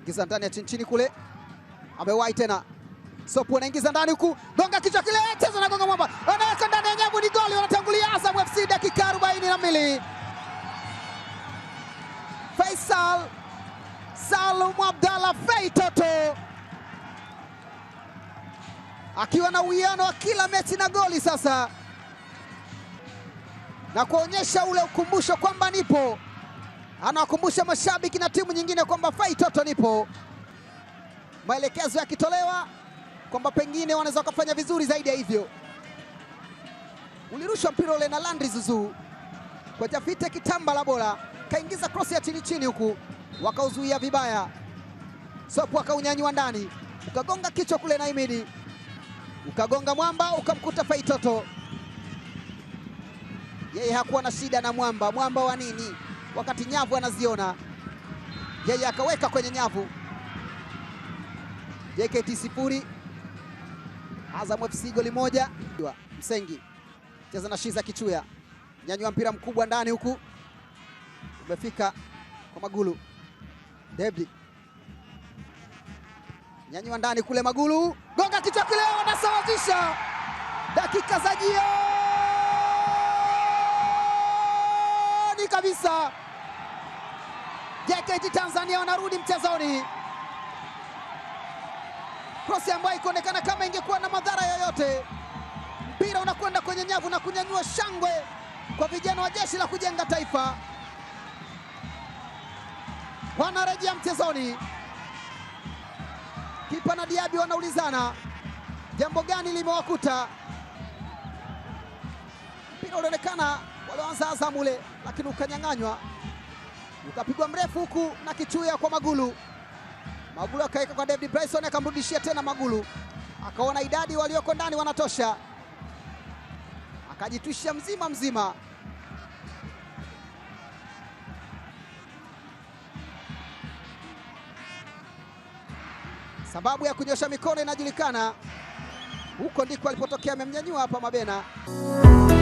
Ingiza ndani ya chini chini kule, amewahi tena Sopu anaingiza ndani huku, gonga kichwa kile, cheza na gonga mwamba, anaweka ndani ya nyavu, ni goli. Wanatangulia Azam FC dakika arobaini na mbili. Faisal Salum Abdalla Fei Toto akiwa na uwiano wa kila mechi na goli sasa na kuonyesha ule ukumbusho kwamba nipo anawakumbusha mashabiki na timu nyingine kwamba fai toto nipo. Maelekezo yakitolewa kwamba pengine wanaweza wakafanya vizuri zaidi ya hivyo. Ulirushwa mpira ule na Landry Zuzu kwa Jafite Kitamba la bora, kaingiza krosi ya chini chini huku wakauzuia vibaya. Sopu akaunyanyua ndani, ukagonga kichwa kule na Imidi, ukagonga mwamba, ukamkuta fai toto. Yeye hakuwa na shida na mwamba. Mwamba wa nini? wakati nyavu anaziona yeye, akaweka kwenye nyavu. JKT sifuri Azam FC goli moja. Msengi cheza na Shiza Kichuya, nyanyua mpira mkubwa ndani huku, umefika kwa Magulu. Debi, nyanyua ndani kule, Magulu gonga kichwa kile wanasawazisha dakika za jioni. kabisa. JKT Tanzania wanarudi mchezoni. Krosi ambayo ikionekana kama ingekuwa na madhara yoyote, mpira unakwenda kwenye nyavu na kunyanyua shangwe kwa vijana wa Jeshi la Kujenga Taifa. Wanarejea mchezoni, kipa na diabi wanaulizana jambo gani limewakuta. Mpira ulionekana walioanza Azam ule, lakini ukanyang'anywa ukapigwa mrefu huku na kichuya kwa Magulu. Magulu akaweka kwa David Bryson, akamrudishia tena Magulu, akaona idadi walioko ndani wanatosha, akajitwisha mzima mzima. Sababu ya kunyosha mikono inajulikana, huko ndiko alipotokea amemnyanyua hapa Mabena.